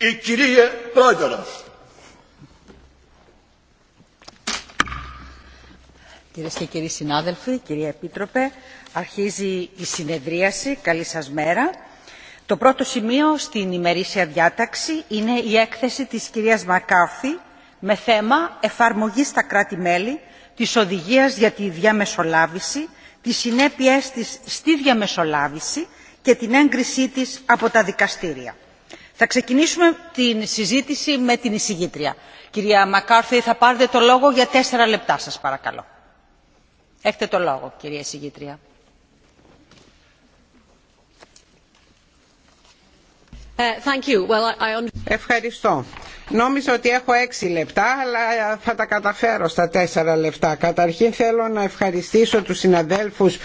Η κυρία Πρόεδρος. Κυρίες και κύριοι συνάδελφοι, κυρία Επίτροπε, αρχίζει η συνεδρίαση. Καλή σας μέρα. Το πρώτο σημείο στην ημερήσια διάταξη είναι η έκθεση της κυρίας Μακάρθη με θέμα εφαρμογή στα κράτη-μέλη της οδηγίας για τη διαμεσολάβηση, τις συνέπειές της στη διαμεσολάβηση και την έγκρισή της από τα δικαστήρια. Θα ξεκινήσουμε την συζήτηση με την εισηγήτρια. Κυρία Μακάρθη, θα πάρετε το λόγο για τέσσερα λεπτά σας παρακαλώ. Έχετε το λόγο, κυρία εισηγήτρια. Ε, Ευχαριστώ. Νόμιζα ότι έχω έξι λεπτά, αλλά θα τα καταφέρω στα τέσσερα λεπτά. Καταρχήν θέλω να ευχαριστήσω τους συναδέλφους